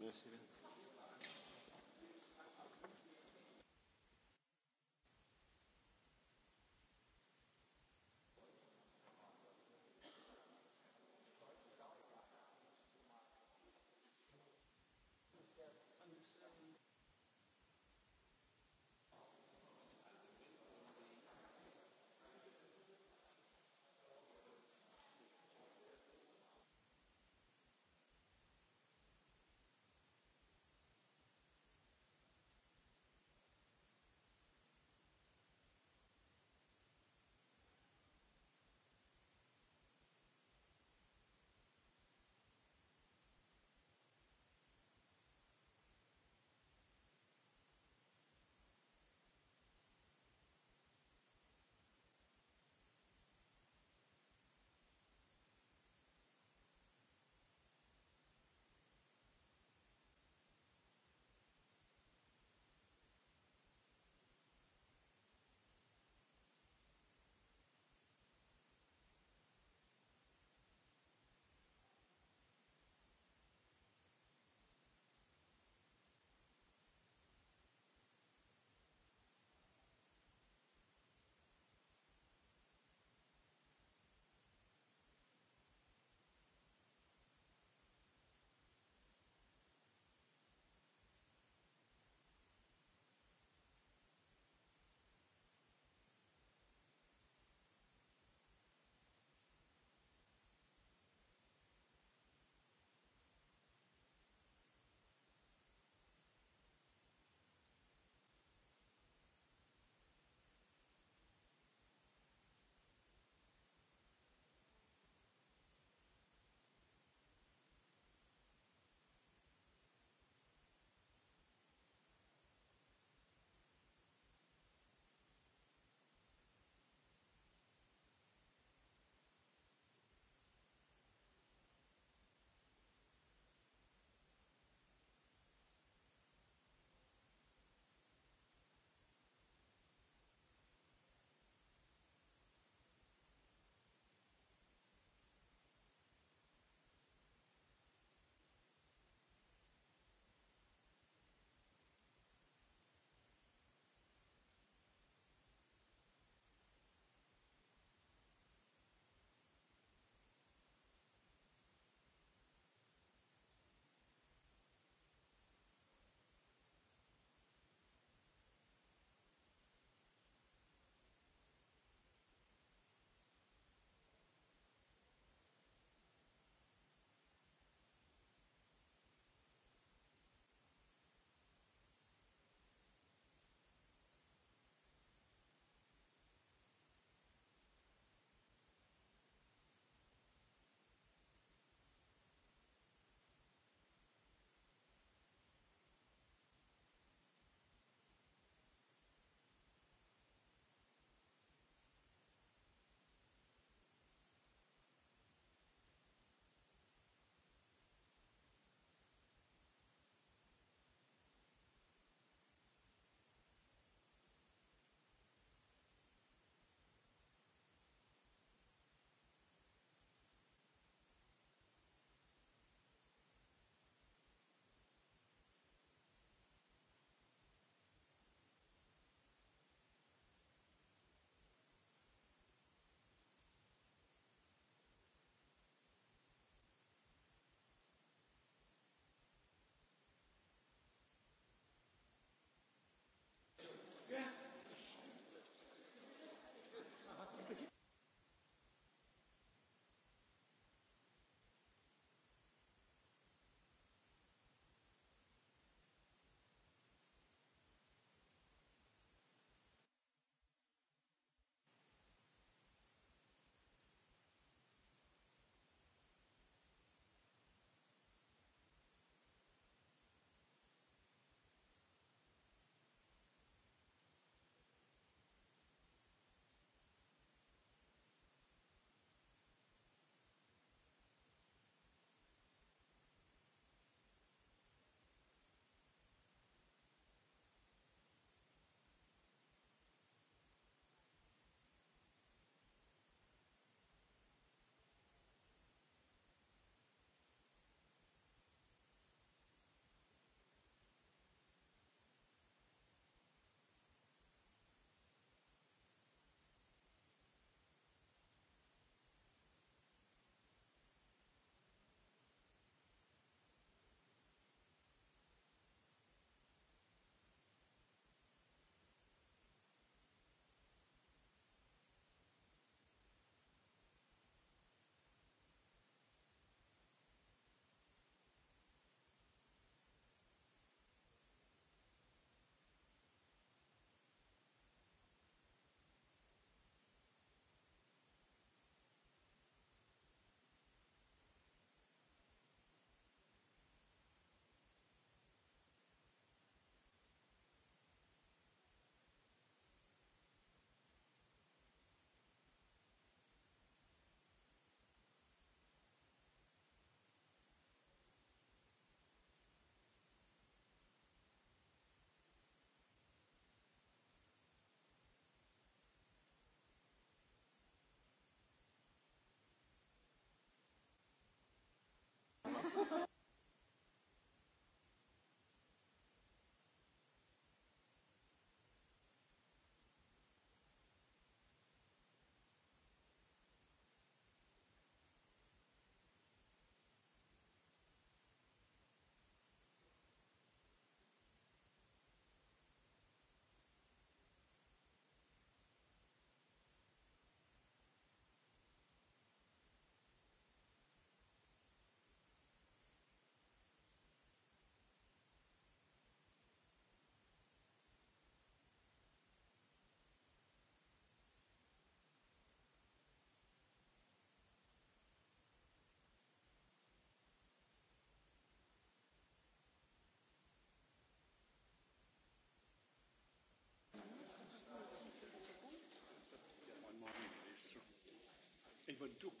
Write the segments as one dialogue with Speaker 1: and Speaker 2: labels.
Speaker 1: Merci. ik ben toe.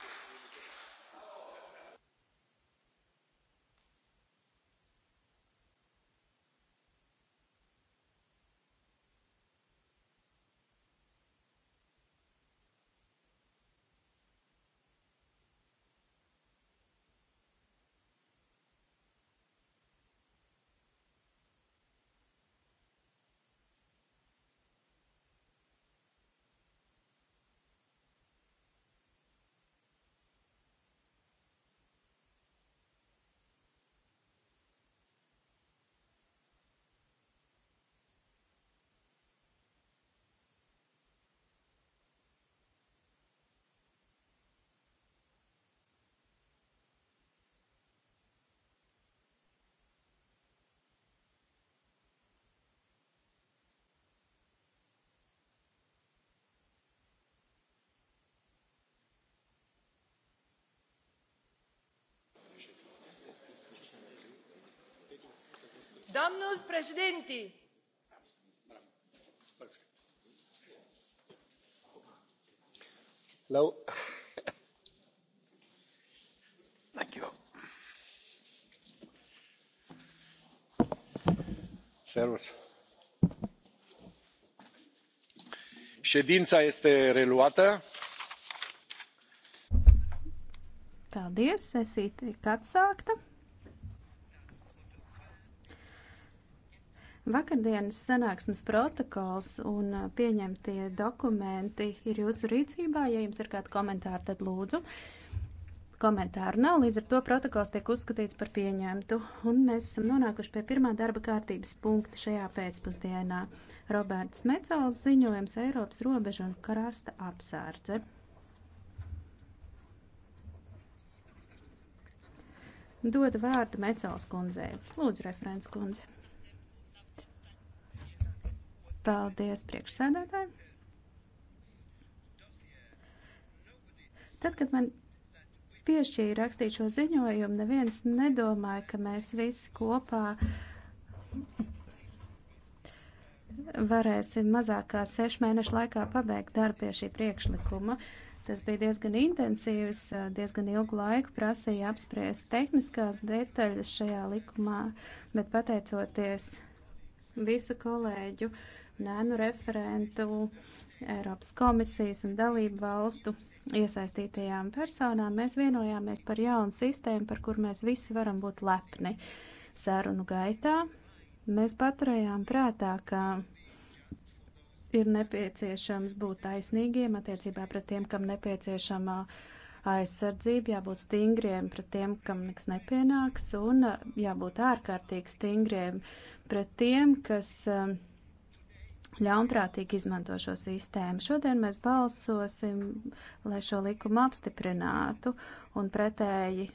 Speaker 1: domnul președinte
Speaker 2: ședința este reluată. Paldies, sesija tiek atsākta. Vakardienas sanāksmes protokols un pieņemtie dokumenti ir jūsu rīcībā. Ja jums ir kādi komentāri, tad lūdzu. Komentāru nav, līdz ar to protokols tiek uzskatīts par pieņemtu. Un mēs esam nonākuši pie pirmā darba kārtības punkta šajā pēcpusdienā. Roberts Mecols ziņojums Eiropas robežu un karasta apsārdze. Dodu vārdu Mecels kundzei. Lūdzu, referents kundze. Paldies, priekšsēdētāji. Tad, kad man piešķīra rakstīt šo ziņojumu, neviens nedomāja, ka mēs visi kopā varēsim mazākā sešu mēnešu laikā pabeigt darbu pie šī priekšlikuma. Tas bija diezgan intensīvs, diezgan ilgu laiku prasīja apspriest tehniskās detaļas šajā likumā, bet pateicoties visu kolēģu nēnu referentu, Eiropas komisijas un dalību valstu iesaistītajām personām, mēs vienojāmies par jaunu sistēmu, par kur mēs visi varam būt lepni. Sarunu gaitā mēs paturējām prātā, ka ir nepieciešams būt taisnīgiem attiecībā pret tiem, kam nepieciešama aizsardzība, jābūt stingriem pret tiem, kam nekas nepienāks, un jābūt ārkārtīgi stingriem pret tiem, kas uh, ļaunprātīgi izmanto šo sistēmu. Šodien mēs balsosim, lai šo likumu apstiprinātu un pretēji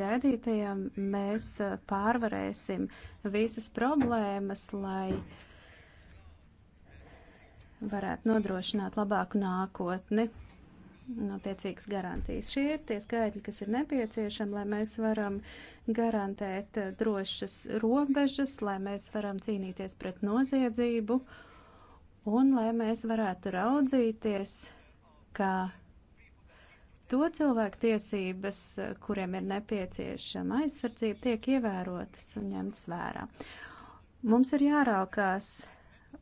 Speaker 2: gaidītajam mēs eh, pārvarēsim visas problēmas, lai varētu nodrošināt labāku nākotni notiecīgas garantijas. Šie ir tie skaitļi, kas ir nepieciešami, lai mēs varam garantēt eh, drošas robežas, lai mēs varam cīnīties pret noziedzību un lai mēs varētu raudzīties, ka to cilvēku tiesības, kuriem ir nepieciešama aizsardzība, tiek ievērotas un ņemtas vērā. Mums ir jāraukās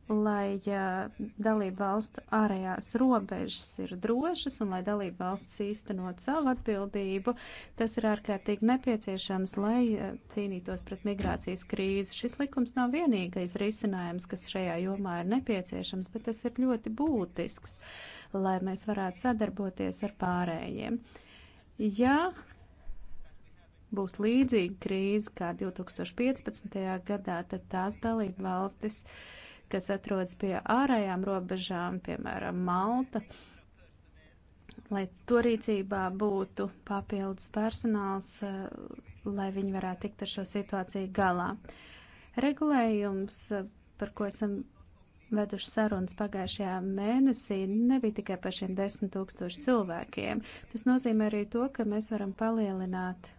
Speaker 2: lai ja, dalība valstu ārējās robežas ir drošas un lai dalība valsts īstenot savu atbildību, tas ir ārkārtīgi nepieciešams, lai ja, eh, cīnītos pret migrācijas krīzi. Šis likums nav vienīgais risinājums, kas šajā jomā ir nepieciešams, bet tas ir ļoti būtisks, lai mēs varētu sadarboties ar pārējiem. Ja būs līdzīga krīze kā 2015. gadā, tad tās dalība valstis uh, kas atrodas pie ārējām robežām, piemēram, Malta, lai to rīcībā būtu papildus personāls, eh, lai viņi varētu tikt ar šo situāciju galā. Regulējums, eh, par ko esam veduši sarunas pagājušajā mēnesī, nebija tikai par šiem desmit tūkstošu cilvēkiem. Tas nozīmē arī to, ka mēs varam palielināt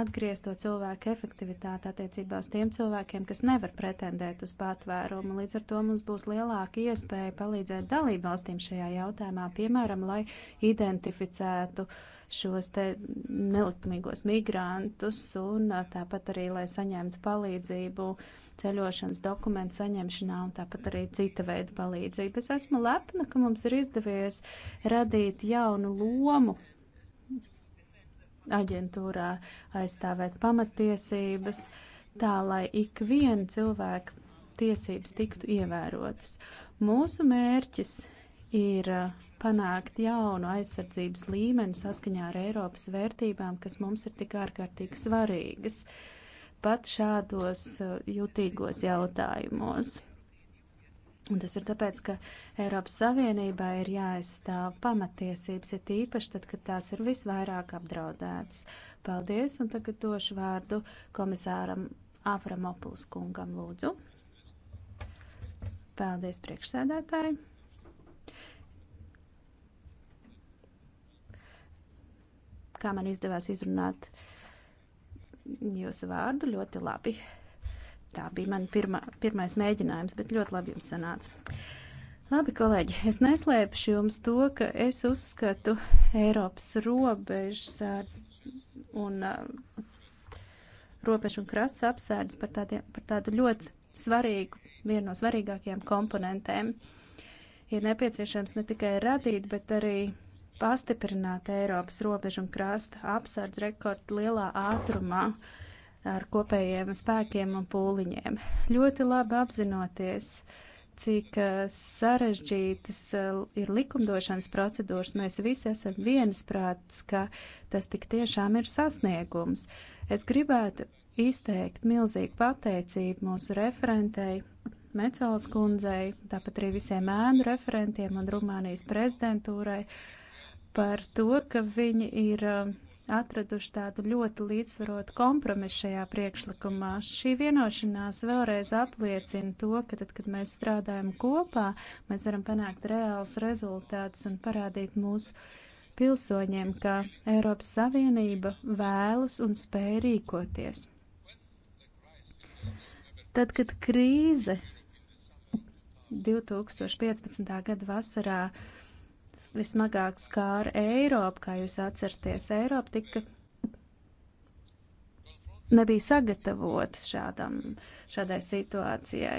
Speaker 2: atgriezt to cilvēku efektivitāti attiecībā uz tiem cilvēkiem, kas nevar pretendēt uz patvērumu. Līdz ar to mums būs lielāka iespēja palīdzēt dalībvalstīm šajā jautājumā, piemēram, lai identificētu šos te nelikumīgos migrantus un uh, tāpat arī, lai saņemtu palīdzību ceļošanas dokumentu saņemšanā un tāpat arī cita veida palīdzību. Es esmu lepna, ka mums ir izdevies radīt jaunu lomu aģentūrā aizstāvēt pamatiesības, tā lai ik viena cilvēka tiesības tiktu ievērotas. Mūsu mērķis ir uh, panākt jaunu aizsardzības līmeni saskaņā ar Eiropas vērtībām, kas mums ir tik ārkārtīgi svarīgas, pat šādos uh, jutīgos jautājumos. Un tas ir tāpēc, ka Eiropas Savienībā ir jāaizstāv pamatiesības, ir tīpaši tad, kad tās ir visvairāk apdraudētas. Paldies, un tagad došu vārdu komisāram Āframopuls kungam lūdzu. Paldies, priekšsēdētāji. Kā man izdevās izrunāt jūsu vārdu ļoti labi. Tā bija man pirma, pirmais mēģinājums, bet ļoti labi jums sanāca. Labi, kolēģi, es neslēpšu jums to, ka es uzskatu Eiropas robežas un uh, robežu un krasta apsardzes par, tādiem, par tādu ļoti svarīgu, vienu no svarīgākajām komponentēm. Ir nepieciešams ne tikai radīt, bet arī pastiprināt Eiropas robežu un krasta apsardz rekordu lielā ātrumā. Uh, ar kopējiem spēkiem un pūliņiem. Ļoti labi apzinoties, cik eh, sarežģītas eh, ir likumdošanas procedūras, mēs visi esam viensprāts, ka tas tik tiešām ir sasniegums. Es gribētu izteikt milzīgu pateicību mūsu referentei, Mecāles kundzei, tāpat arī visiem ēnu referentiem un Rumānijas prezidentūrai par to, ka viņi ir uh, atraduši tādu ļoti līdzsvarotu kompromisu šajā priekšlikumā. Šī vienošanās vēlreiz apliecina to, ka tad, kad mēs strādājam kopā, mēs varam panākt reāls rezultātus un parādīt mūsu pilsoņiem, ka Eiropas Savienība vēlas un spēj rīkoties. Tad, kad krīze 2015. gada vasarā uh, vismagāk skāra Eiropu, kā jūs atceraties. Eiropa tika nebija sagatavotas šādam, šādai situācijai.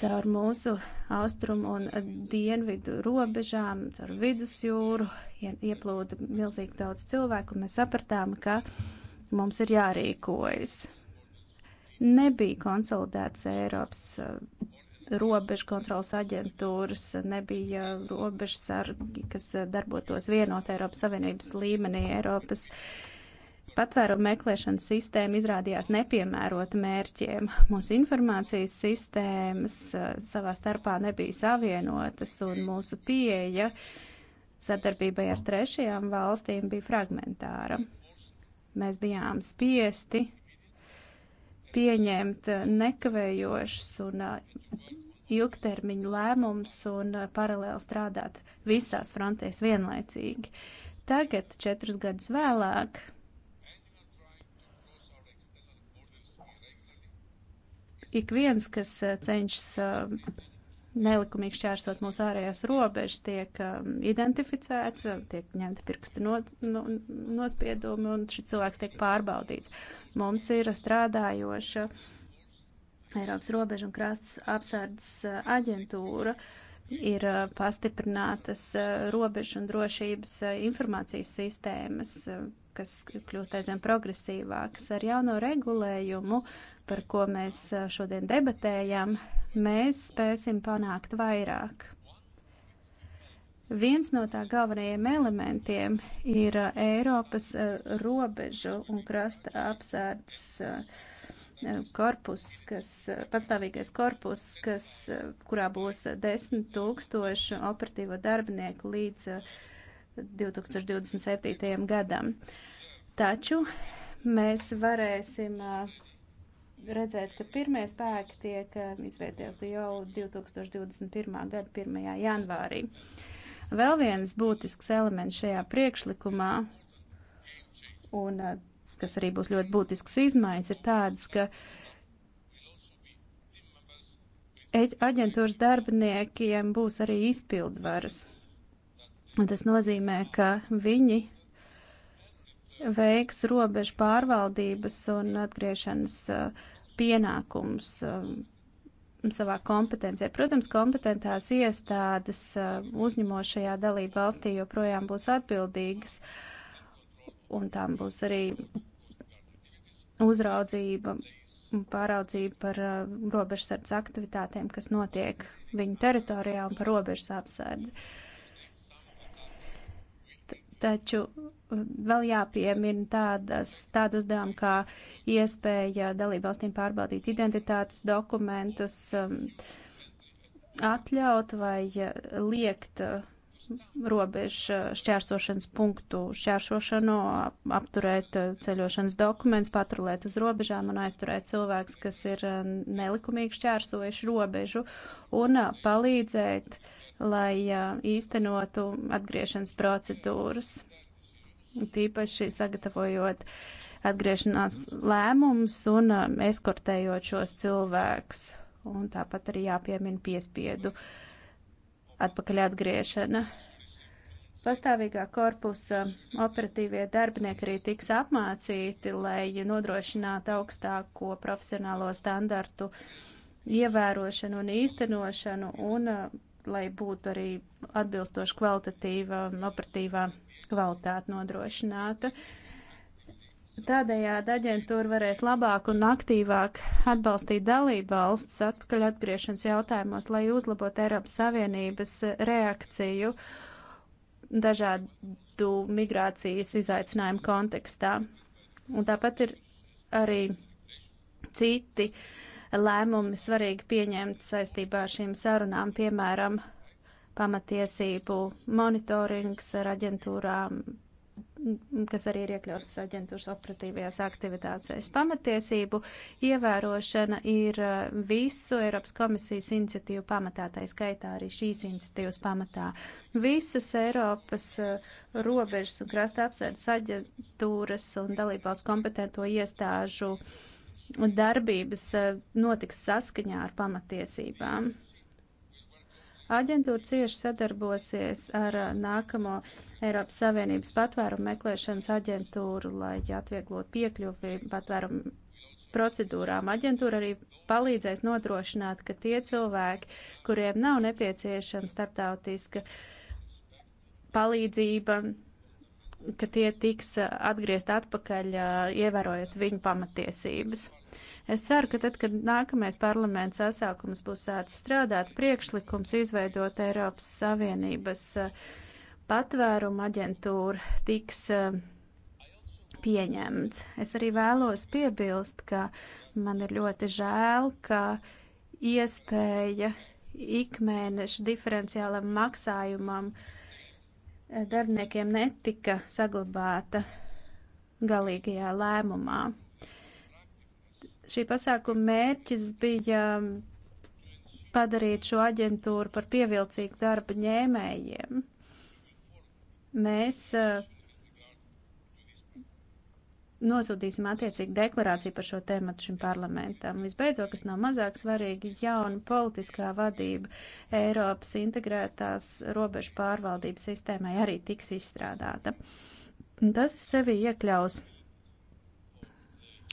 Speaker 2: Caur mūsu austrumu un dienvidu robežām, caur vidusjūru ieplūda milzīgi daudz cilvēku, un mēs sapratām, ka mums ir jārīkojas. Nebija konsolidēts Eiropas uh, robežu kontrolas aģentūras, nebija robežsargi, kas darbotos vienot Eiropas Savienības līmenī. Eiropas patvērumu meklēšanas sistēma izrādījās nepiemērota mērķiem. Mūsu informācijas sistēmas eh, savā starpā nebija savienotas un mūsu pieeja sadarbībai ar trešajām valstīm bija fragmentāra. Mēs bijām spiesti pieņemt eh, nekavējošus un eh, ilgtermiņu lēmumus un eh, paralēli strādāt visās frontēs vienlaicīgi. Tagad, četrus gadus vēlāk, ik viens, kas cenšas nelikumīgi šķērsot mūsu ārējās robežas, tiek um, identificēts, tiek ņemta pirksta no, no, nospiedumi un šis cilvēks tiek pārbaudīts. Mums ir strādājoša Eiropas robežu un krasts apsardzes eh, aģentūra, ir eh, pastiprinātas eh, robežu un drošības informācijas sistēmas, kas kļūst aizvien progresīvākas. Ar jauno regulējumu, par ko mēs šodien debatējam, mēs spēsim panākt vairāk. Viens no tā galvenajiem elementiem ir uh, Eiropas uh, robežu un krasta apsardzes uh, korpus, kas, pastāvīgais korpus, kas, kurā būs 10 tūkstoši operatīvo darbinieku līdz 2027. gadam. Taču mēs varēsim redzēt, ka pirmie spēki tiek izvietoti jau 2021. gada 1. janvārī. Vēl viens būtisks elements šajā priekšlikumā, un eh, kas arī būs ļoti būtisks izmaiņas, ir tāds, ka aģentūras darbiniekiem būs arī izpildvaras. Un tas nozīmē, ka viņi veiks robežu pārvaldības un atgriešanas eh, pienākums eh, savā kompetencijā. Protams, kompetentās iestādes uh, uzņemošajā dalība valstī joprojām būs atbildīgas, un tām būs arī uzraudzība un pāraudzība par uh, robežsardz aktivitātēm, kas notiek viņu teritorijā un par robežas apsardzi. Uh, taču um, vēl jāpiemina tādas, tādu uzdevumu kā iespēja dalībvalstīm pārbaudīt identitātes dokumentus, um, atļaut vai liekt uh, robežu šķērsošanas punktu šķērsošanu, apturēt uh, ceļošanas dokumentus, paturēt uz robežām un aizturēt cilvēkus, kas ir uh, nelikumīgi šķērsojuši robežu un palīdzēt uh, lai īstenotu atgriešanas procedūras, tīpaši sagatavojot atgriešanās lēmumus un eskortējot šos cilvēkus. Un tāpat arī jāpiemina piespiedu atpakaļ atgriešana. Pastāvīgā korpusa operatīvie darbinieki arī tiks apmācīti, lai nodrošinātu augstāko profesionālo standartu ievērošanu un īstenošanu un uh, lai būtu arī atbilstoši kvalitatīva un operatīvā kvalitāte nodrošināta. Tādējādi aģentūra varēs labāk un aktīvāk atbalstīt dalību valsts atpakaļ atgriešanas jautājumos, lai uzlabotu Eiropas Savienības reakciju dažādu migrācijas izaicinājumu kontekstā. Un tāpat ir arī citi uh, lēmumi svarīgi pieņemt saistībā ar šīm sarunām, piemēram, pamatiesību monitorings ar aģentūrām, kas arī ir iekļautas aģentūras operatīvajās aktivitācēs. Pamatiesību ievērošana ir eh, visu Eiropas komisijas iniciatīvu pamatā, tā skaitā arī šīs iniciatīvas pamatā. Visas Eiropas eh, robežas un krasta apsardzes aģentūras un dalībvalstu kompetento iestāžu uh, darbības eh, notiks saskaņā ar pamatiesībām. Aģentūra cieši sadarbosies ar eh, nākamo Eiropas Savienības patvērumu meklēšanas aģentūru, lai atvieglotu piekļuvi patvērumu procedūrām. Aģentūra arī palīdzēs nodrošināt, ka tie cilvēki, kuriem nav nepieciešama starptautiska palīdzība, ka tie tiks eh, atgriezt atpakaļ, ievērojot viņu pamatiesības. Es ceru, ka tad, kad nākamais parlaments sasākums būs sācis strādāt, priekšlikums izveidot Eiropas Savienības eh, patvērumu aģentūru tiks eh, pieņemts. Es arī vēlos piebilst, ka man ir ļoti žēl, ka iespēja ikmēneša diferenciālam maksājumam eh, darbiniekiem netika saglabāta galīgajā lēmumā. Šī pasākuma mērķis bija um, padarīt šo aģentūru par pievilcīgu darba ņēmējiem. Mēs uh, nosūtīsim attiecīgu deklarāciju par šo tēmatu šim parlamentam. Visbeidzot, kas nav mazāk svarīgi, jauna politiskā vadība Eiropas integrētās robežu pārvaldības sistēmai arī tiks izstrādāta. Tas sevi iekļaus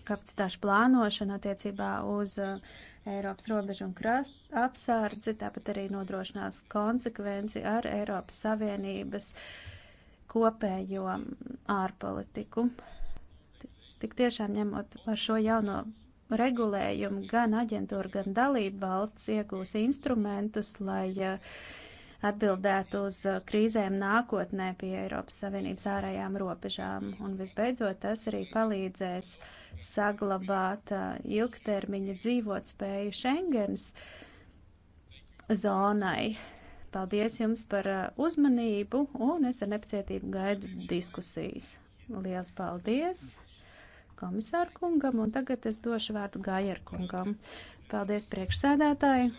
Speaker 2: kapacitāšu plānošanu attiecībā uz uh, Eiropas robežu un krasta apsardzi, tāpat arī nodrošinās konsekvenci ar Eiropas Savienības kopējo um, ārpolitiku. Tik tiešām ņemot ar šo jauno regulējumu, gan aģentūra, gan dalība valsts iegūs instrumentus, lai uh, atbildētu uz uh, krīzēm nākotnē pie Eiropas Savienības ārējām robežām. Un visbeidzot, tas arī palīdzēs saglabāt uh, ilgtermiņa dzīvot spēju Schengens zonai. Paldies jums par uh, uzmanību, un es ar nepacietību gaidu diskusijas. Lielas paldies komisāru kungam, un tagad es došu vārdu Gajer kungam. Paldies priekšsēdētāji!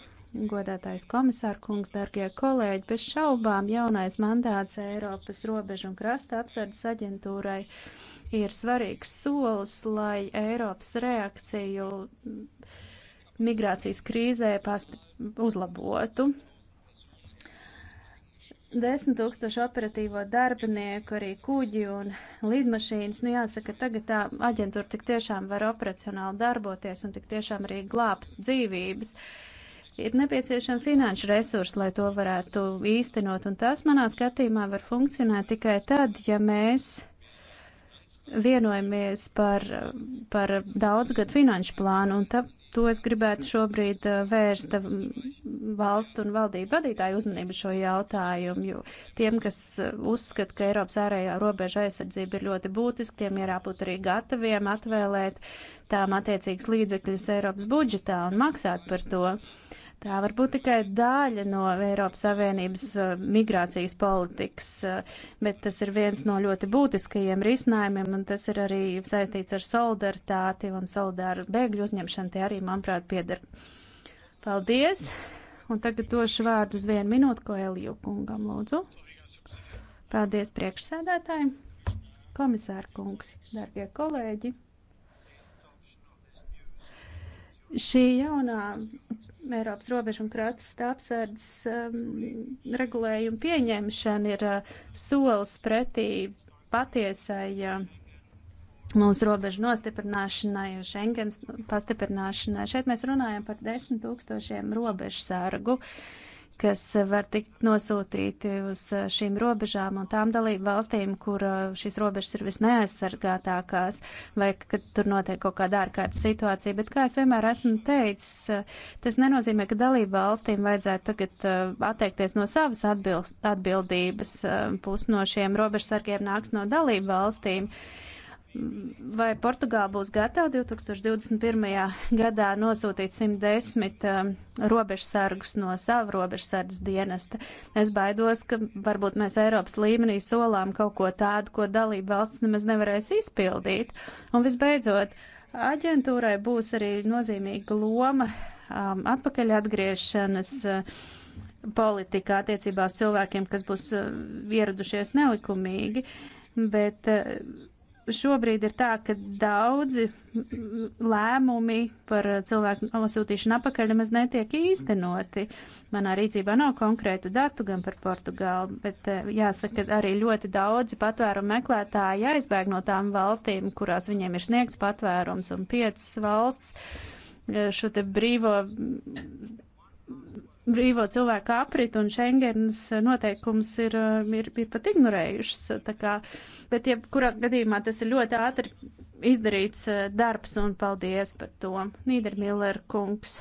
Speaker 2: godātais komisārkungs, dargie kolēģi, bez šaubām jaunais mandāts Eiropas robežu un krasta apsardzes aģentūrai ir svarīgs solis, lai Eiropas reakciju migrācijas krīzē uzlabotu. Desmit tūkstoši operatīvo darbinieku, arī kuģi un līdmašīnas. Nu, jāsaka, tagad tā aģentūra tik tiešām var operacionāli darboties un tik tiešām arī glābt dzīvības. Uh, ir nepieciešama finanšu resursi, lai to varētu īstenot, un tas manā skatījumā var funkcionēt tikai tad, ja mēs vienojamies par, par daudzgadu finanšu plānu, un tā, to es gribētu šobrīd uh, vērst um, valstu un valdību vadītāju uzmanību šo jautājumu, jo tiem, kas uh, uzskata, ka Eiropas ārējā robeža aizsardzība ir ļoti būtiska, tiem ir jābūt arī gataviem atvēlēt tām attiecīgas līdzekļas Eiropas budžetā un maksāt par to. Uh, Tā var būt tikai daļa no Eiropas Savienības uh, migrācijas politikas, uh, bet tas ir viens no ļoti būtiskajiem risinājumiem, un tas ir arī saistīts ar solidaritāti un solidāru bēgļu uzņemšanu. Tie arī, manuprāt, pieder. Paldies! Un tagad došu vārdu uz vienu minūtu, ko Eliju kungam lūdzu. Paldies priekšsēdētājiem, komisāra kungs, darbie kolēģi! Šī jaunā Eiropas robežu un krātas apsardzes um, regulējumu pieņemšana ir uh, solis pretī patiesai uh, mūsu robežu nostiprināšanai un Schengens pastiprināšanai. Šeit mēs runājam par desmit tūkstošiem robežu sargu. Uh, kas var tikt nosūtīti uz eh, šīm robežām un tām dalību valstīm, kur eh, šīs robežas ir visneaizsargātākās, vai kad tur notiek kaut kāda ārkārtas situācija. Bet, kā es vienmēr esmu teicis, eh, tas nenozīmē, ka dalību valstīm vajadzētu tagad atteikties no savas atbildības. Pus no šiem robežsargiem nāks no dalību valstīm. Uh, Vai Portugāla būs gatava 2021. gadā nosūtīt 110 um, robežsargus no savu robežsardas dienesta? Es baidos, ka varbūt mēs Eiropas līmenī solām kaut ko tādu, ko dalība valsts nemaz nevarēs izpildīt. Un visbeidzot, aģentūrai būs arī nozīmīga loma um, atpakaļ atgriešanas. Uh, politikā attiecībās cilvēkiem, kas būs uh, ieradušies nelikumīgi, bet uh, Šobrīd ir tā, ka daudzi lēmumi par cilvēku nosūtīšanu apakaļ nemaz netiek īstenoti. Manā rīcībā nav konkrētu datu gan par Portugālu, bet eh, jāsaka, ka arī ļoti daudzi patvērumu meklētāji aizbēg no tām valstīm, kurās viņiem ir sniegts patvērums un piecas valsts eh, šo te brīvo brīvo cilvēku aprit un Schengens noteikums ir, um, ir, ir pat ignorējušas. Kā, bet jebkurā gadījumā tas ir ļoti ātri izdarīts uh, darbs un paldies par to. Nīdermiller kungs.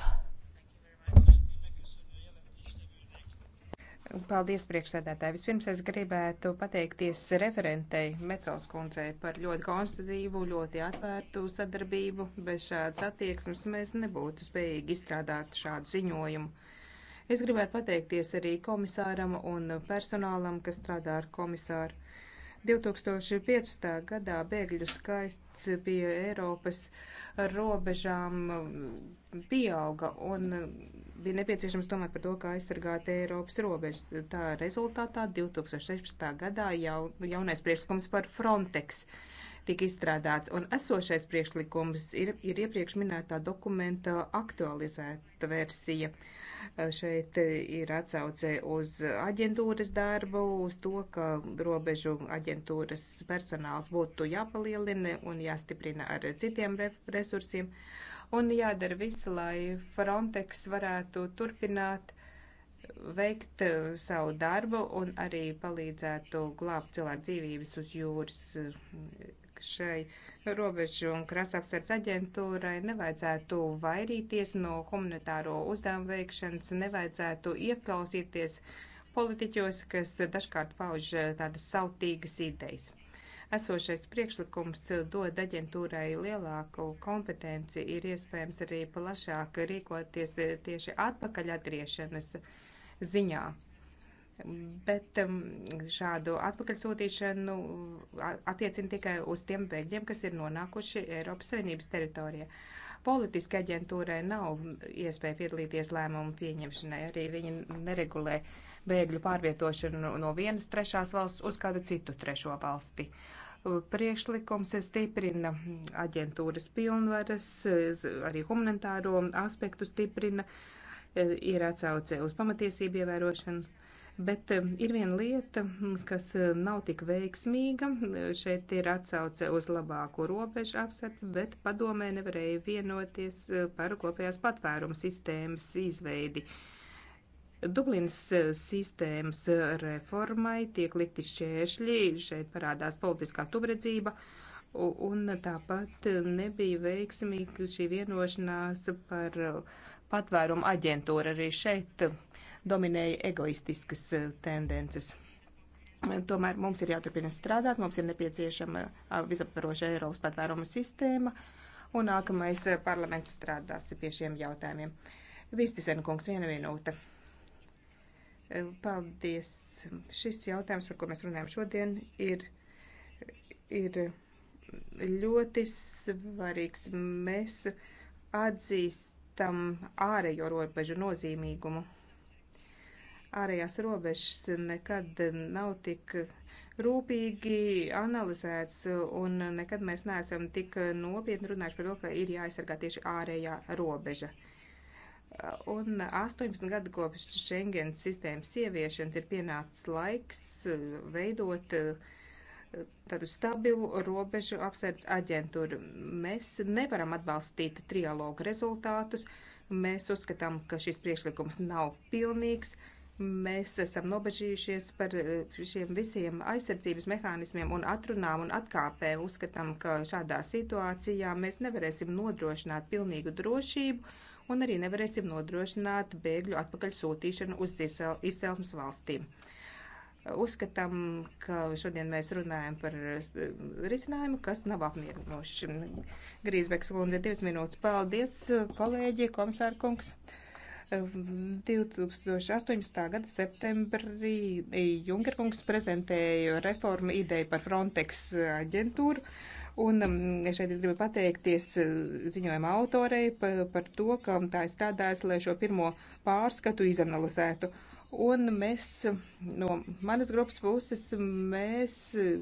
Speaker 1: Paldies, priekšsēdētāji. Vispirms es gribētu pateikties referentei Mecels kundzei par ļoti konstruktīvu, ļoti atvērtu sadarbību. Bez šādas attieksmes mēs nebūtu spējīgi izstrādāt šādu ziņojumu. Es gribētu pateikties arī komisāram un personālam, kas strādā ar komisāru. 2015. gadā bēgļu skaists pie Eiropas robežām um, pieauga un bija nepieciešams domāt par to, kā aizsargāt Eiropas robežas. Tā rezultātā 2016. gadā jau, jaunais priekšlikums par Frontex tika izstrādāts, un esošais priekšlikums ir, ir iepriekš minētā dokumenta aktualizēta versija. Uh, Šeit ir atsauce uz aģentūras darbu, uz to, ka robežu aģentūras personāls būtu jāpalielina un jāstiprina ar citiem resursiem. Un jādara viss, lai Frontex varētu turpināt veikt savu darbu un arī palīdzētu glābt cilvēku dzīvības uz jūras šai robežu un krasapsardz aģentūrai nevajadzētu vairīties no humanitāro uzdevumu veikšanas, nevajadzētu ieklausīties politiķos, kas dažkārt pauž eh, tādas sautīgas idejas. Esošais priekšlikums dod aģentūrai lielāku kompetenci, ir iespējams arī plašāk rīkoties eh, tieši atpakaļ atgriešanas ziņā bet um, šādu atpakaļsūtīšanu attiecina tikai uz tiem bēgļiem, kas ir nonākuši Eiropas Savienības teritorijā. Politiski aģentūrai nav iespēja piedalīties lēmumu pieņemšanai, arī viņi neregulē bēgļu pārvietošanu no vienas trešās valsts uz kādu citu trešo valsti. Priekšlikums stiprina aģentūras pilnvaras, arī humanitāro aspektu stiprina, ir atsauce uz pamatiesību ievērošanu Bet um, ir viena lieta, mm, kas uh, nav tik veiksmīga. Šeit ir atsauce uz labāko robežu apsardzi, bet padomē nevarēja vienoties uh, par kopējās patvērumu sistēmas izveidi. Dublinas uh, sistēmas reformai tiek likti šķēršļi, šeit parādās politiskā tuvredzība, un tāpat nebija veiksmīga šī vienošanās par patvērumu aģentūru arī šeit. Uh, dominēja egoistiskas eh, tendences. Tomēr mums ir jāturpina strādāt, mums ir nepieciešama visaptvaroša Eiropas patvēruma sistēma, un nākamais eh, parlaments strādās pie šiem jautājumiem. Vistisen kungs, viena minūte. Eh, paldies. Šis jautājums, par ko mēs runājam šodien, ir, ir ļoti svarīgs. Mēs atzīstam ārējo robežu nozīmīgumu ārējās robežas nekad nav tik rūpīgi analizēts, un nekad mēs neesam tik nopietni runājuši par to, ka ir jāaizsargā tieši ārējā robeža. Un 18 gadu kopš Schengens sistēmas ieviešanas ir pienācis laiks veidot eh, tādu stabilu robežu apsardz aģentūru. Mēs nevaram atbalstīt trialogu rezultātus. Mēs uzskatām, ka šis priekšlikums nav pilnīgs. Uh, Mēs esam nobežījušies par eh, šiem visiem aizsardzības mehānismiem un atrunām un atkāpēm. Uzskatām, ka šādā situācijā mēs nevarēsim nodrošināt pilnīgu drošību un arī nevarēsim nodrošināt bēgļu atpakaļ sūtīšanu uz izcelsmes valstīm. Uzskatām, ka šodien mēs runājam par eh, risinājumu, kas nav apmierinoši. Grīsbeks Lunde, divas minūtes. Paldies, kolēģi, komisārkungs. kungs. 2018. gada septembrī Junkerkungs prezentēja reformu ideju par Frontex aģentūru. Un um, šeit es gribu pateikties uh, ziņojuma autorei par, par to, ka tā ir strādājusi, lai šo pirmo pārskatu izanalizētu. Un mēs no manas grupas puses, mēs uh,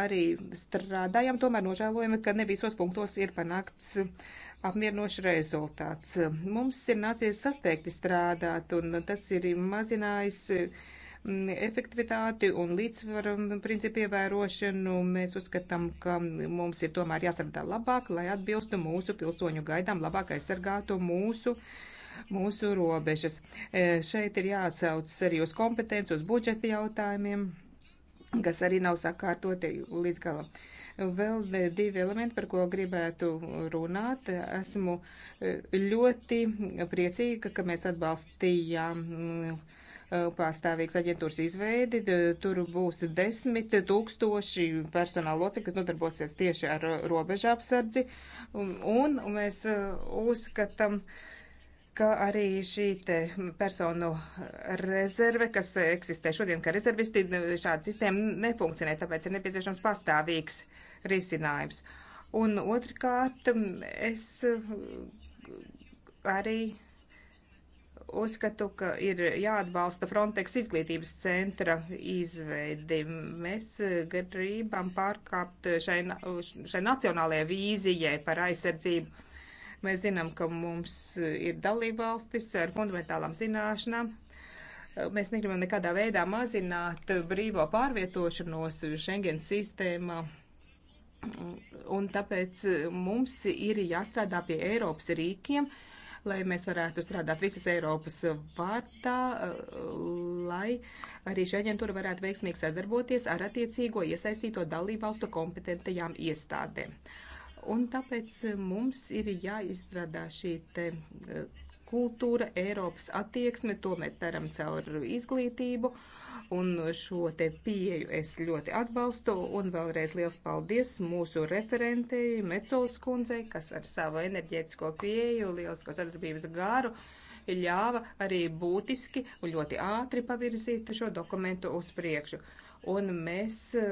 Speaker 1: arī strādājam, tomēr nožēlojam, ka ne visos punktos ir panākts uh, apmierinošs rezultāts. Mums ir nācies sasteigti strādāt, un tas ir mazinājis mm, efektivitāti un līdzsvaru mm, principu ievērošanu. Mēs uzskatām, ka mums ir tomēr jāsardā labāk, lai atbilstu mūsu pilsoņu gaidām, labāk aizsargātu mūsu mūsu robežas. E, šeit ir jāatcaucas arī uz kompetenci, uz budžeta jautājumiem, kas arī nav sakārtoti līdz galam. Uh, Vēl divi elementi, par ko gribētu runāt. Esmu e, ļoti priecīga, ka mēs atbalstījām e, pārstāvīgas aģentūras izveidi. Tur būs desmit tūkstoši personāla locekļi, kas nodarbosies tieši ar robežu apsardzi. Un, un mēs e, uzskatām, ka arī šī te personu rezerve, kas eksistē šodien, ka rezervisti šāda sistēma nefunkcionē, tāpēc ir nepieciešams pastāvīgs uh, risinājums. Un otrkārt, es eh, arī uzskatu, ka ir jāatbalsta Frontex izglītības centra izveidi. Mēs eh, gribam pārkāpt šai, šai nacionālajai vīzijai par aizsardzību. Mēs zinām, ka mums eh, ir dalībvalstis ar fundamentālām zināšanām. Mēs negribam nekādā veidā mazināt brīvo pārvietošanos Schengen sistēmā. Un tāpēc mums ir jāstrādā pie Eiropas rīkiem, lai mēs varētu strādāt visas Eiropas vārtā, lai arī šī aģentūra varētu veiksmīgi sadarboties ar attiecīgo iesaistīto dalībvalstu kompetentajām iestādēm. Un tāpēc mums ir jāizstrādā šī te eh, kultūra, Eiropas attieksme, to mēs darām caur izglītību. Uh, un šo te pieju es ļoti atbalstu, un vēlreiz liels paldies mūsu referentei Mecols kundzei, kas ar savu enerģētisko pieju, lielisko sadarbības gāru ļāva arī būtiski un ļoti ātri pavirzīt šo dokumentu uz priekšu. Un mēs e,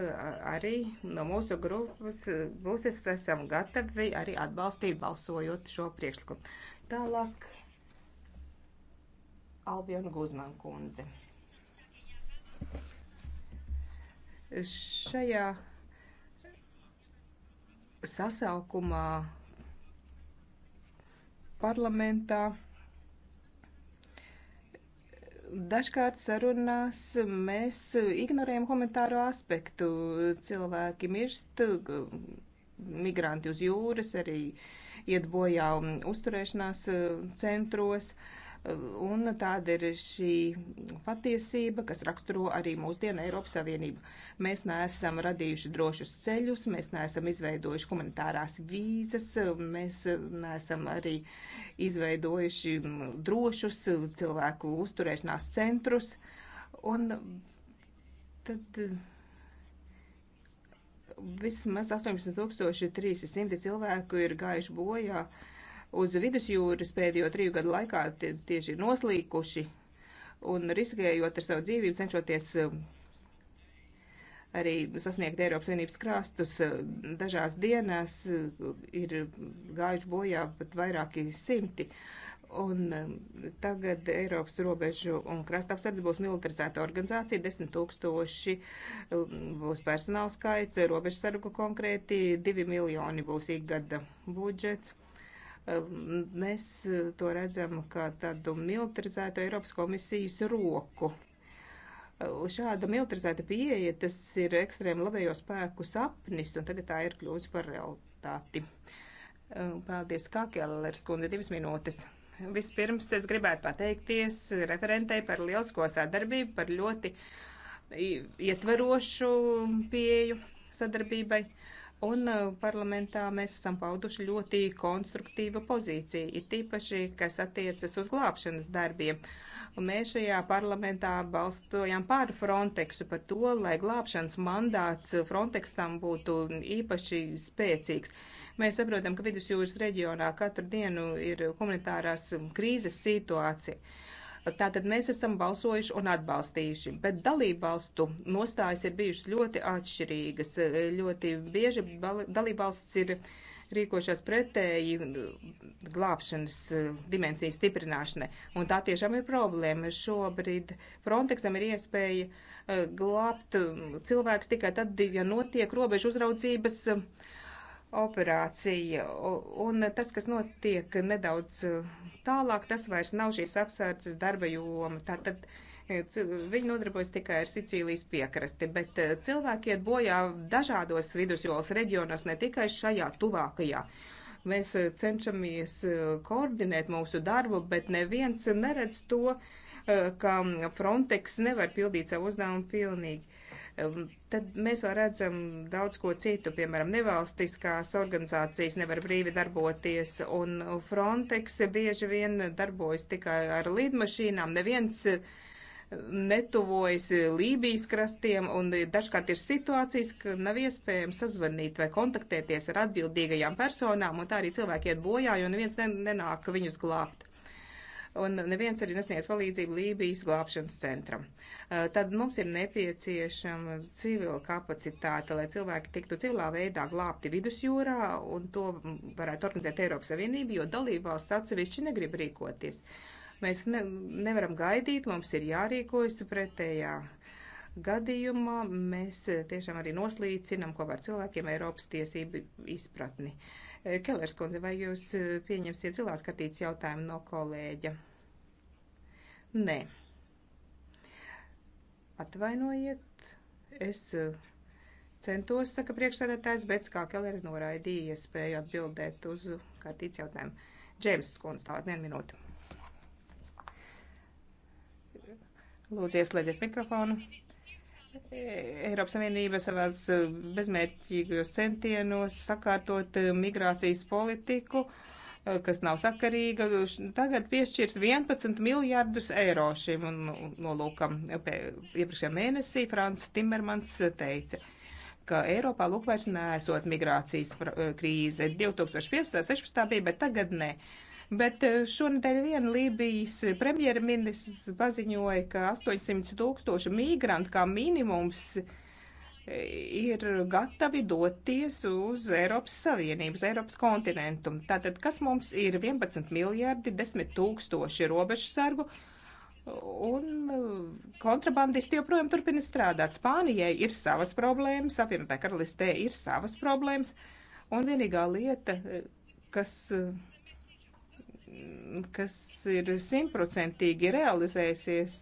Speaker 1: arī no mūsu grupas e, puses esam gatavi arī atbalstīt balsojot šo priekšlikumu. Tālāk Albion Guzman kundze. Šajā sasaukumā parlamentā dažkārt sarunās mēs ignorējam humanitāro aspektu. Cilvēki mirst, migranti uz jūras arī iet bojā uzturēšanās centros. Uh, Un tāda ir šī patiesība, kas raksturo arī mūsdienu Eiropas Savienību. Mēs neesam radījuši drošus ceļus, mēs neesam izveidojuši humanitārās vīzas, mēs neesam arī izveidojuši drošus cilvēku uzturēšanās centrus. Un tad vismaz 18,300 cilvēku ir gājuši bojā. Uh, uz vidusjūras pēdējo triju gadu laikā tieši ir noslīkuši un riskējot ar savu dzīvību, cenšoties um, arī sasniegt Eiropas Savienības krastus. Um, dažās dienās um, ir gājuši bojā pat vairāki simti. Un tagad Eiropas robežu un krasta apsardze būs militarizēta organizācija, desmit tūkstoši būs personāla skaits, robežsargu konkrēti, divi miljoni būs ikgada budžets. Mēs eh, to redzam kā tādu militarizētu Eiropas komisijas roku. Šāda militarizēta pieeja, tas ir ekstrēma labējo spēku sapnis, un tagad tā ir kļūst par realitāti. Paldies, Kākēlers kundze, divas minūtes. Vispirms es gribētu pateikties referentei par lielisko sadarbību, par ļoti ietverošu pieju sadarbībai. Un uh, parlamentā mēs esam pauduši ļoti konstruktīvu pozīciju, it tīpaši, kas attiecas uz glābšanas darbiem. Un mēs šajā parlamentā balstojam par Frontexu, par to, lai glābšanas mandāts Frontexam būtu īpaši spēcīgs. Mēs saprotam, ka vidusjūras reģionā katru dienu ir komunitārās krīzes situācija Tātad mēs esam balsojuši un atbalstījuši, bet dalību valstu nostājas ir bijušas ļoti atšķirīgas. Ļoti bieži dalību valsts ir rīkošās pretēji glābšanas eh, dimensijas stiprināšanai. Un tā tiešām ir problēma. Šobrīd Frontexam ir iespēja eh, glābt mm, cilvēks tikai tad, ja notiek robežu uzraudzības uh, operācija. Un tas, kas notiek nedaudz uh, tālāk, tas vairs nav šīs apsardzes darba joma. Tātad eh, viņi nodarbojas tikai ar Sicīlijas piekrasti, bet eh, cilvēki iet bojā dažādos vidusjūras reģionos, ne tikai šajā tuvākajā. Mēs eh, cenšamies koordinēt mūsu darbu, bet neviens neredz to, ka Frontex nevar pildīt savu uzdevumu pilnīgi tad mēs vēl redzam daudz ko citu, piemēram, nevalstiskās organizācijas nevar brīvi darboties, un Frontex bieži vien darbojas tikai ar līdmašīnām, neviens mm, netuvojas Lībijas krastiem, un dažkārt ir situācijas, ka nav iespējams sazvanīt vai kontaktēties ar atbildīgajām personām, un tā arī cilvēki iet bojā, jo neviens nenāk viņus glābt un neviens arī nesniedz palīdzību Lībijas glābšanas centram. Uh, tad mums ir nepieciešama civila kapacitāte, lai cilvēki tiktu civilā veidā glābti vidusjūrā, un to varētu organizēt Eiropas Savienība, jo dalībvalsts atsevišķi negrib rīkoties. Mēs ne, nevaram gaidīt, mums ir jārīkojas pretējā gadījumā. Mēs tiešām arī noslīcinam kopā ar cilvēkiem Eiropas tiesību izpratni. Uh, Eh, Kelers kundze, vai jūs eh, pieņemsiet zilās kartītes jautājumu no kolēģa? Nē. Atvainojiet, es eh, centos, saka priekšsēdētājs, bet kā Keller noraidīja iespēju atbildēt uz kārtīts jautājumu. Džēms Skundz, tālāk vienu minūti. Lūdzu, ieslēdziet mikrofonu. Eiropas Savienība savās eh, bezmērķīgajos centienos sakārtot eh, migrācijas politiku, eh, kas nav sakarīga, tagad piešķirs 11 miljārdus eiro šim nolūkam. Iepriekšējā mēnesī Frans Timermans teica, ka Eiropā lūk vairs nesot migrācijas krīze. 2015. 16. bija, bet tagad ne. Ne Bet eh, šonadēļ vien Lībijas premjerministrs paziņoja, ka 800 tūkstoši migrantu kā minimums eh, ir gatavi doties uz Eiropas Savienības, Eiropas kontinentu. Tātad, kas mums ir 11 miljardi, 10 tūkstoši robežsargu, un eh, kontrabandisti joprojām turpina strādāt. Spānijai ir savas problēmas, apvienotā karalistē ir savas problēmas, un vienīgā lieta, kas kas ir simtprocentīgi realizēsies,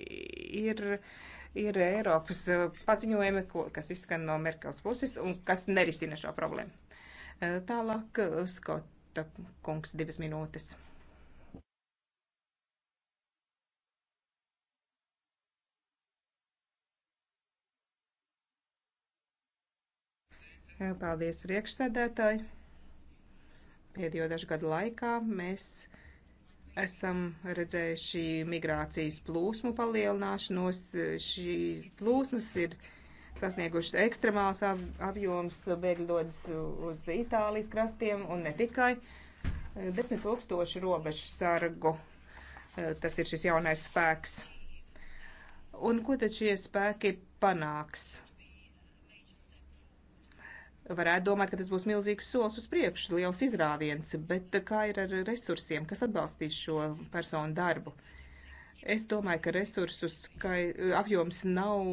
Speaker 1: ir, ir Eiropas paziņojumi, kas izskan no Merkels puses un kas nerisina šo problēmu. Eh, tālāk eh, Skota kungs divas minūtes. Eh, paldies priekšsēdētāji. Pēdējo dažu gadu laikā mēs esam redzējuši migrācijas plūsmu palielināšanos. Šīs plūsmas ir sasniegušas ekstremāls apjoms, bēgļodas uz Itālijas krastiem un ne tikai. Desmit tūkstoši robežu sargu. Tas ir šis jaunais spēks. Un ko tad šie spēki panāks? varētu domāt, ka tas būs milzīgs solis uz priekšu, liels izrāviens, bet kā ir ar resursiem, kas atbalstīs šo personu darbu? Es domāju, ka resursu apjoms nav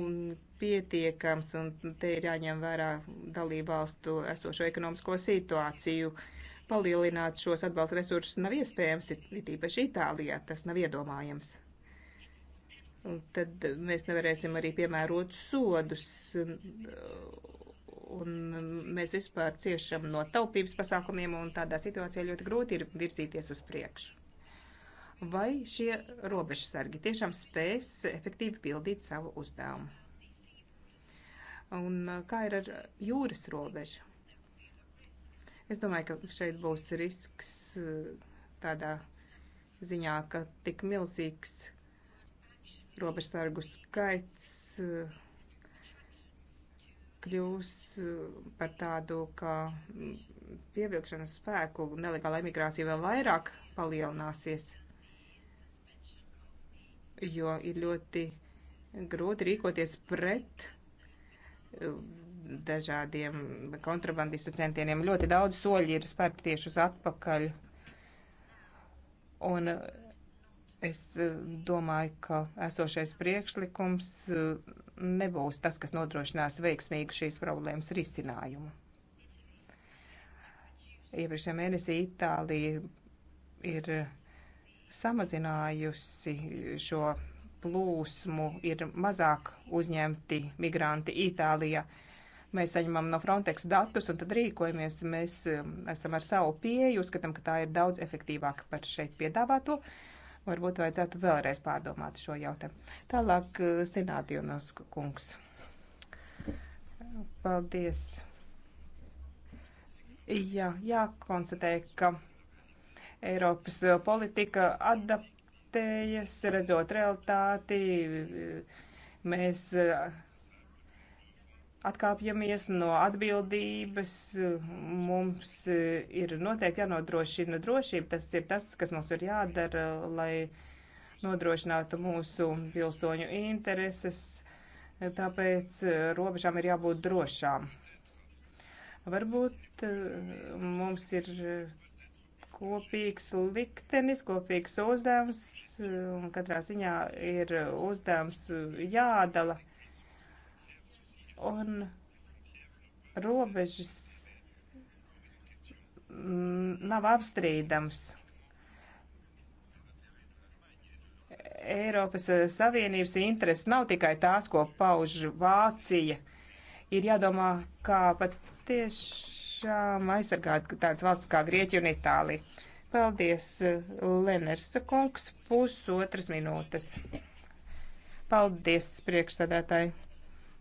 Speaker 1: pietiekams, un te ir jāņem vērā dalību valstu esošo ekonomisko situāciju. Palielināt šos atbalsta resursus nav iespējams, it īpaši Itālijā tas nav iedomājams. Un tad mēs nevarēsim arī piemērot sodus un mēs vispār ciešam no taupības pasākumiem, un tādā situācijā ļoti grūti ir virzīties uz priekšu. Vai šie robežsargi tiešām spēs efektīvi pildīt savu uzdevumu? Un uh, kā ir ar jūras robežu? Es domāju, ka šeit būs risks uh, tādā ziņā, ka tik milzīgs robežsargu skaits uh, kļūs eh, par tādu, ka pievilkšanas spēku nelegāla imigrācija vēl vairāk palielināsies, jo ir ļoti grūti rīkoties pret eh, dažādiem kontrabandistu centieniem. Ļoti daudz soļi ir spērti tieši uz atpakaļ. Un eh, es domāju, ka esošais priekšlikums nebūs tas, kas nodrošinās veiksmīgu šīs problēmas risinājumu. Iepriekšējā mēnesī Itālija ir samazinājusi šo plūsmu, ir mazāk uzņemti migranti Itālijā. Mēs saņemam no Frontex datus un tad rīkojamies. Mēs um, esam ar savu pieeju, uzskatām, ka tā ir daudz efektīvāka par šeit piedāvāto. Uh, Varbūt vajadzētu vēlreiz pārdomāt šo jautājumu. Tālāk eh, Sinādionas kungs. Paldies. Jā, jākonstatē, ka Eiropas politika adaptējas, redzot realitāti, mēs eh, atkāpjamies no atbildības. Mums eh, ir noteikti jānodrošina drošība. Tas ir tas, kas mums ir jādara, lai nodrošinātu mūsu pilsoņu intereses. Tāpēc eh, robežām ir jābūt drošām. Varbūt eh, mums ir kopīgs liktenis, kopīgs uzdevums, un katrā ziņā ir uzdevums jādala un robežas mm, nav apstrīdams. Eiropas eh, Savienības intereses nav tikai tās, ko pauž Vācija. Ir jādomā, kā pat tiešām aizsargāt tādas valsts kā Grieķija un Itālija. Paldies, eh, Lenersa kungs, pusotras minūtes. Paldies, priekšsēdētāji.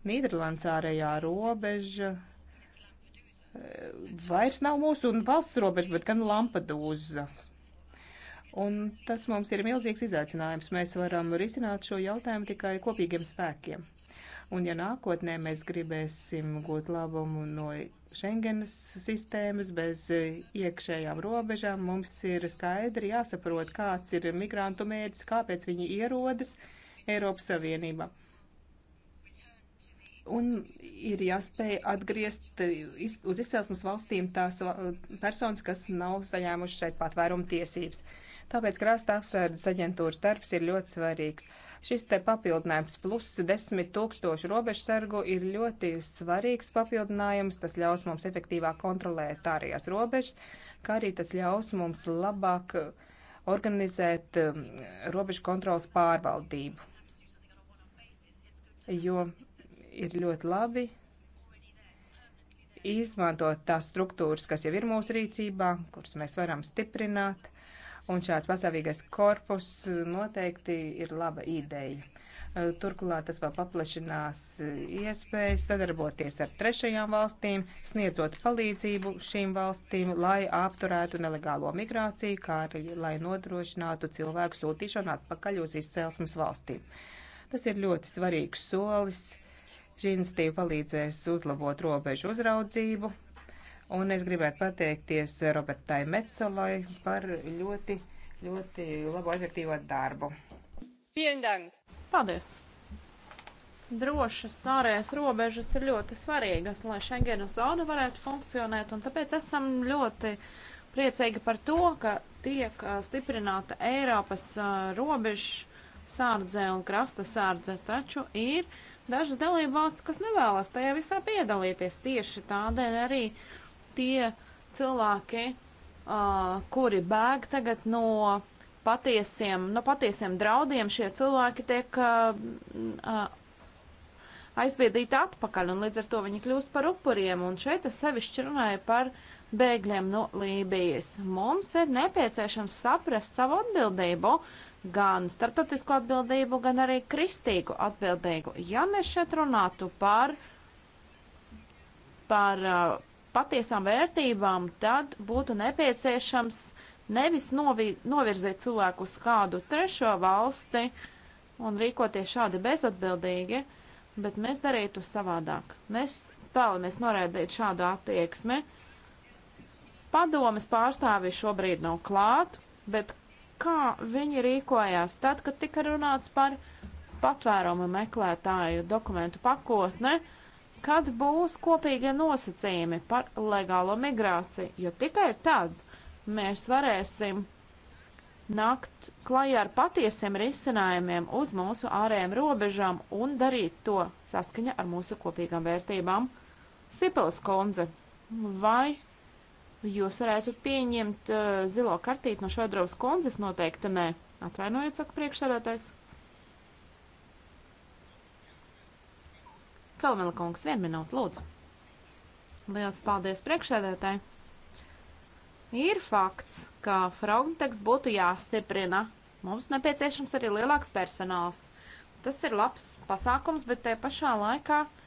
Speaker 1: Nīderlands ārējā robeža eh, vairs nav mūsu valsts robeža, bet gan Lampedūza. Un tas mums ir milzīgs izaicinājums. Mēs varam risināt šo jautājumu tikai kopīgiem spēkiem. Un ja nākotnē mēs gribēsim gūt labumu no Schengenas sistēmas bez iekšējām robežām, mums ir skaidri jāsaprot, kāds ir migrantu mērķis, kāpēc viņi ierodas Eiropas Savienībā. Un ir jāspēj atgriezt uz izcelsmes valstīm tās personas, kas nav saņēmuši šeit patvērumu tiesības. Tāpēc krāsta apsardzes aģentūras darbs ir ļoti svarīgs. Šis te papildinājums plus 10 tūkstoši robežsargu ir ļoti svarīgs papildinājums. Tas ļaus mums efektīvāk kontrolēt ārējās robežas, kā arī tas ļaus mums labāk organizēt um, robežu kontrolas pārvaldību. Jo ir ļoti labi izmantot tās struktūras, kas jau ir mūsu rīcībā, kuras mēs varam stiprināt, un šāds pastāvīgais korpus noteikti ir laba ideja. Eh, turklāt tas vēl paplašinās eh, iespējas sadarboties ar trešajām valstīm, sniedzot palīdzību šīm valstīm, lai apturētu nelegālo migrāciju, kā arī lai nodrošinātu cilvēku sūtīšanu atpakaļ uz izcelsmes valstīm. Tas ir ļoti svarīgs solis Šī iniciatīva palīdzēs uzlabot robežu uzraudzību, un es gribētu pateikties Robertai Metsolai par ļoti, ļoti labu efektīvo darbu.
Speaker 3: Paldies! Drošas ārējās robežas ir ļoti svarīgas, lai Schengenas zona varētu funkcionēt, un tāpēc esam ļoti priecīgi par to, ka tiek stiprināta Eiropas robeža sārdzē un krasta sārdze, taču ir uh, dažas dalībvalstis, kas nevēlas tajā visā piedalīties. Tieši tādēļ arī tie cilvēki, uh, kuri bēg tagad no patiesiem, no patiesiem draudiem, šie cilvēki tiek uh, uh, aizbiedīti atpakaļ, un līdz ar to viņi kļūst par upuriem. Un šeit es sevišķi runāju par bēgļiem no Lībijas. Mums ir nepieciešams saprast savu atbildību. Uh, gan starptautisko atbildību, gan arī kristīgu atbildību. Ja mēs šeit runātu par, par uh, patiesām vērtībām, tad būtu nepieciešams nevis novi, novirzīt cilvēku uz kādu trešo valsti un rīkoties šādi bezatbildīgi, bet mēs darītu savādāk. Mēs vēlamies noraidīt šādu attieksmi. Padomas pārstāvi šobrīd nav klāt, bet kā viņi rīkojās tad, kad tika runāts par patvērumu meklētāju dokumentu pakotne, kad būs kopīgie nosacījumi par legālo migrāciju, jo tikai tad mēs varēsim nākt klajā ar patiesiem risinājumiem uz mūsu ārējām robežām un darīt to saskaņa ar mūsu kopīgām vērtībām. Sipils kundze, vai Jūs varētu pieņemt uh, zilo kartīti no Šodrovas kundzes noteikti nē. Atvainojiet, saka priekšsēdētājs. Kalmela kungs, vien minūte, lūdzu. Liels paldies priekšsēdētāji. Ir fakts, ka Frontex būtu jāstiprina. Mums nepieciešams arī lielāks personāls. Tas ir labs pasākums, bet te pašā laikā. Uh,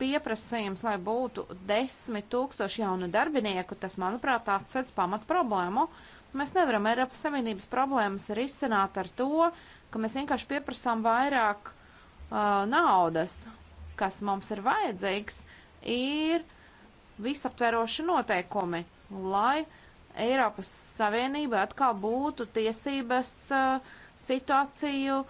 Speaker 3: pieprasījums, lai būtu desmit tūkstoši jaunu darbinieku, tas, manuprāt, atsedz pamat problēmu. Mēs nevaram Eiropas Savienības problēmas risināt ar to, ka mēs vienkārši pieprasām vairāk uh, naudas, kas mums ir vajadzīgs, ir visaptveroši noteikumi, lai Eiropas Savienība atkal būtu tiesības uh, situāciju uh,